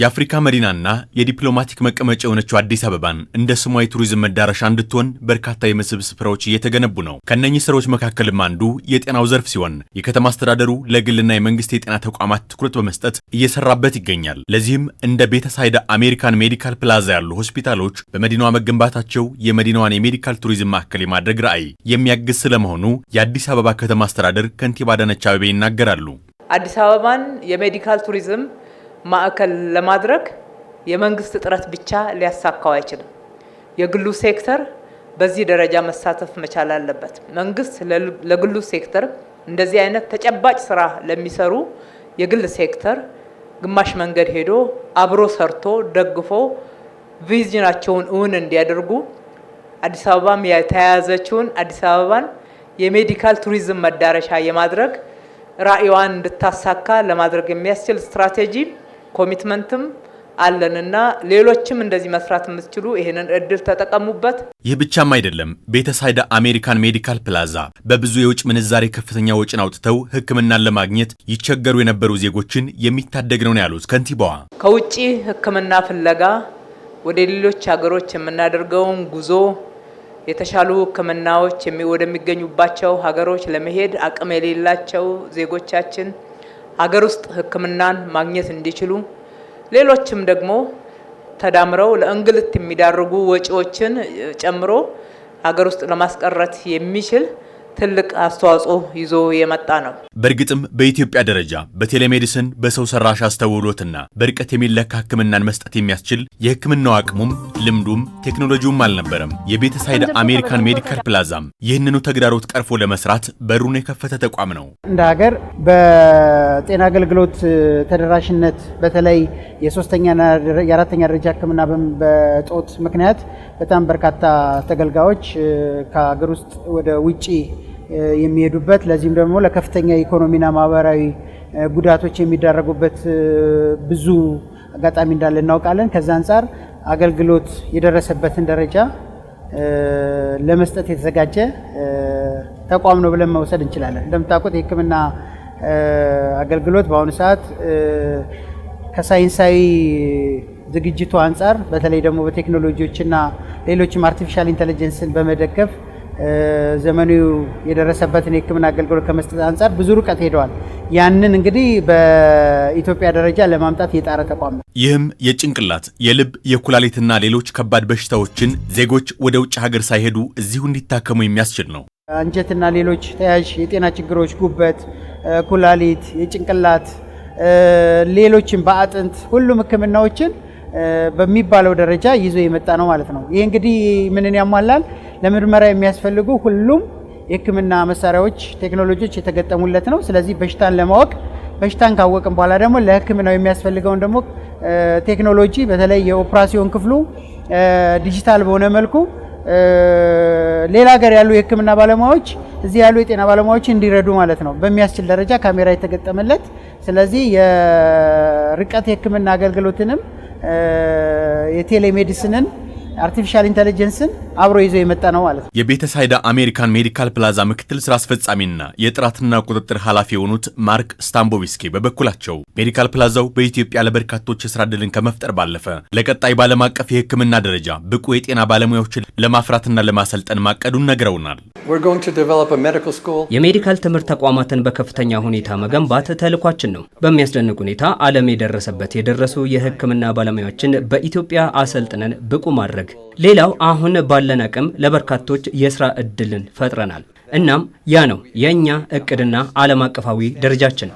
የአፍሪካ መዲናና የዲፕሎማቲክ መቀመጫ የሆነችው አዲስ አበባን እንደ ስሟ የቱሪዝም መዳረሻ እንድትሆን በርካታ የመስህብ ስፍራዎች እየተገነቡ ነው። ከነኚህ ስራዎች መካከልም አንዱ የጤናው ዘርፍ ሲሆን የከተማ አስተዳደሩ ለግልና የመንግስት የጤና ተቋማት ትኩረት በመስጠት እየሰራበት ይገኛል። ለዚህም እንደ ቤተሳይዳ አሜሪካን ሜዲካል ፕላዛ ያሉ ሆስፒታሎች በመዲናዋ መገንባታቸው የመዲናዋን የሜዲካል ቱሪዝም ማዕከል የማድረግ ራዕይ የሚያግዝ ስለመሆኑ የአዲስ አበባ ከተማ አስተዳደር ከንቲባ አዳነች አበቤ ይናገራሉ። አዲስ አበባን የሜዲካል ቱሪዝም ማዕከል ለማድረግ የመንግስት ጥረት ብቻ ሊያሳካው አይችልም። የግሉ ሴክተር በዚህ ደረጃ መሳተፍ መቻል አለበት። መንግስት ለግሉ ሴክተር እንደዚህ አይነት ተጨባጭ ስራ ለሚሰሩ የግል ሴክተር ግማሽ መንገድ ሄዶ አብሮ ሰርቶ ደግፎ ቪዥናቸውን እውን እንዲያደርጉ አዲስ አበባም የተያያዘችውን አዲስ አበባን የሜዲካል ቱሪዝም መዳረሻ የማድረግ ራዕይዋን እንድታሳካ ለማድረግ የሚያስችል ስትራቴጂ ኮሚትመንትም አለንና ሌሎችም እንደዚህ መስራት የምትችሉ ይህንን እድል ተጠቀሙበት። ይህ ብቻም አይደለም። ቤተሳይዳ አሜሪካን ሜዲካል ፕላዛ በብዙ የውጭ ምንዛሬ ከፍተኛ ወጪን አውጥተው ሕክምናን ለማግኘት ይቸገሩ የነበሩ ዜጎችን የሚታደግ ነው ያሉት ከንቲባዋ ከውጭ ሕክምና ፍለጋ ወደ ሌሎች ሀገሮች የምናደርገውን ጉዞ የተሻሉ ሕክምናዎች ወደሚገኙባቸው ሀገሮች ለመሄድ አቅም የሌላቸው ዜጎቻችን አገር ውስጥ ሕክምናን ማግኘት እንዲችሉ ሌሎችም ደግሞ ተዳምረው ለእንግልት የሚዳርጉ ወጪዎችን ጨምሮ አገር ውስጥ ለማስቀረት የሚችል ትልቅ አስተዋጽኦ ይዞ የመጣ ነው። በእርግጥም በኢትዮጵያ ደረጃ በቴሌሜዲስን በሰው ሰራሽ አስተውሎትና በርቀት የሚለካ ሕክምናን መስጠት የሚያስችል የሕክምናው አቅሙም ልምዱም ቴክኖሎጂውም አልነበረም። የቤተሳይድ አሜሪካን ሜዲካል ፕላዛም ይህንኑ ተግዳሮት ቀርፎ ለመስራት በሩን የከፈተ ተቋም ነው። እንደ ሀገር በጤና አገልግሎት ተደራሽነት በተለይ የሶስተኛና የአራተኛ ደረጃ ሕክምና በጦት ምክንያት በጣም በርካታ ተገልጋዮች ከሀገር ውስጥ ወደ ውጪ የሚሄዱበት ለዚህም ደግሞ ለከፍተኛ ኢኮኖሚና ማህበራዊ ጉዳቶች የሚዳረጉበት ብዙ አጋጣሚ እንዳለ እናውቃለን። ከዛ አንጻር አገልግሎት የደረሰበትን ደረጃ ለመስጠት የተዘጋጀ ተቋም ነው ብለን መውሰድ እንችላለን። እንደምታውቁት የሕክምና አገልግሎት በአሁኑ ሰዓት ከሳይንሳዊ ዝግጅቱ አንጻር በተለይ ደግሞ በቴክኖሎጂዎችና ሌሎችም አርቲፊሻል ኢንቴሊጀንስን በመደገፍ ዘመኑ የደረሰበትን የሕክምና አገልግሎት ከመስጠት አንጻር ብዙ ርቀት ሄደዋል። ያንን እንግዲህ በኢትዮጵያ ደረጃ ለማምጣት የጣረ ተቋም ነው። ይህም የጭንቅላት የልብ፣ የኩላሊትና ሌሎች ከባድ በሽታዎችን ዜጎች ወደ ውጭ ሀገር ሳይሄዱ እዚሁ እንዲታከሙ የሚያስችል ነው። አንጀትና ሌሎች ተያዥ የጤና ችግሮች፣ ጉበት፣ ኩላሊት፣ የጭንቅላት ሌሎችን በአጥንት ሁሉም ሕክምናዎችን በሚባለው ደረጃ ይዞ የመጣ ነው ማለት ነው። ይህ እንግዲህ ምንን ያሟላል? ለምርመራ የሚያስፈልጉ ሁሉም የህክምና መሳሪያዎች፣ ቴክኖሎጂዎች የተገጠሙለት ነው። ስለዚህ በሽታን ለማወቅ በሽታን ካወቅን በኋላ ደግሞ ለህክምናው የሚያስፈልገውን ደግሞ ቴክኖሎጂ በተለይ የኦፕራሲዮን ክፍሉ ዲጂታል በሆነ መልኩ ሌላ ሀገር ያሉ የህክምና ባለሙያዎች እዚህ ያሉ የጤና ባለሙያዎች እንዲረዱ ማለት ነው በሚያስችል ደረጃ ካሜራ የተገጠመለት። ስለዚህ የርቀት የህክምና አገልግሎትንም የቴሌሜዲስንን አርቲፊሻል ኢንቴሊጀንስን አብሮ ይዞ የመጣ ነው ማለት ነው። የቤተሳይዳ አሜሪካን ሜዲካል ፕላዛ ምክትል ስራ አስፈጻሚና የጥራትና ቁጥጥር ኃላፊ የሆኑት ማርክ ስታምቦቪስኬ በበኩላቸው ሜዲካል ፕላዛው በኢትዮጵያ ለበርካቶች የስራ እድልን ከመፍጠር ባለፈ ለቀጣይ ባለም አቀፍ የሕክምና ደረጃ ብቁ የጤና ባለሙያዎችን ለማፍራትና ለማሰልጠን ማቀዱን ነግረውናል። የሜዲካል ትምህርት ተቋማትን በከፍተኛ ሁኔታ መገንባት ተልኳችን ነው። በሚያስደንቅ ሁኔታ ዓለም የደረሰበት የደረሱ የሕክምና ባለሙያዎችን በኢትዮጵያ አሰልጥነን ብቁ ማድረግ ሌላው አሁን ባለ ባለን አቅም ለበርካቶች የስራ እድልን ፈጥረናል። እናም ያ ነው የእኛ እቅድና ዓለም አቀፋዊ ደረጃችን።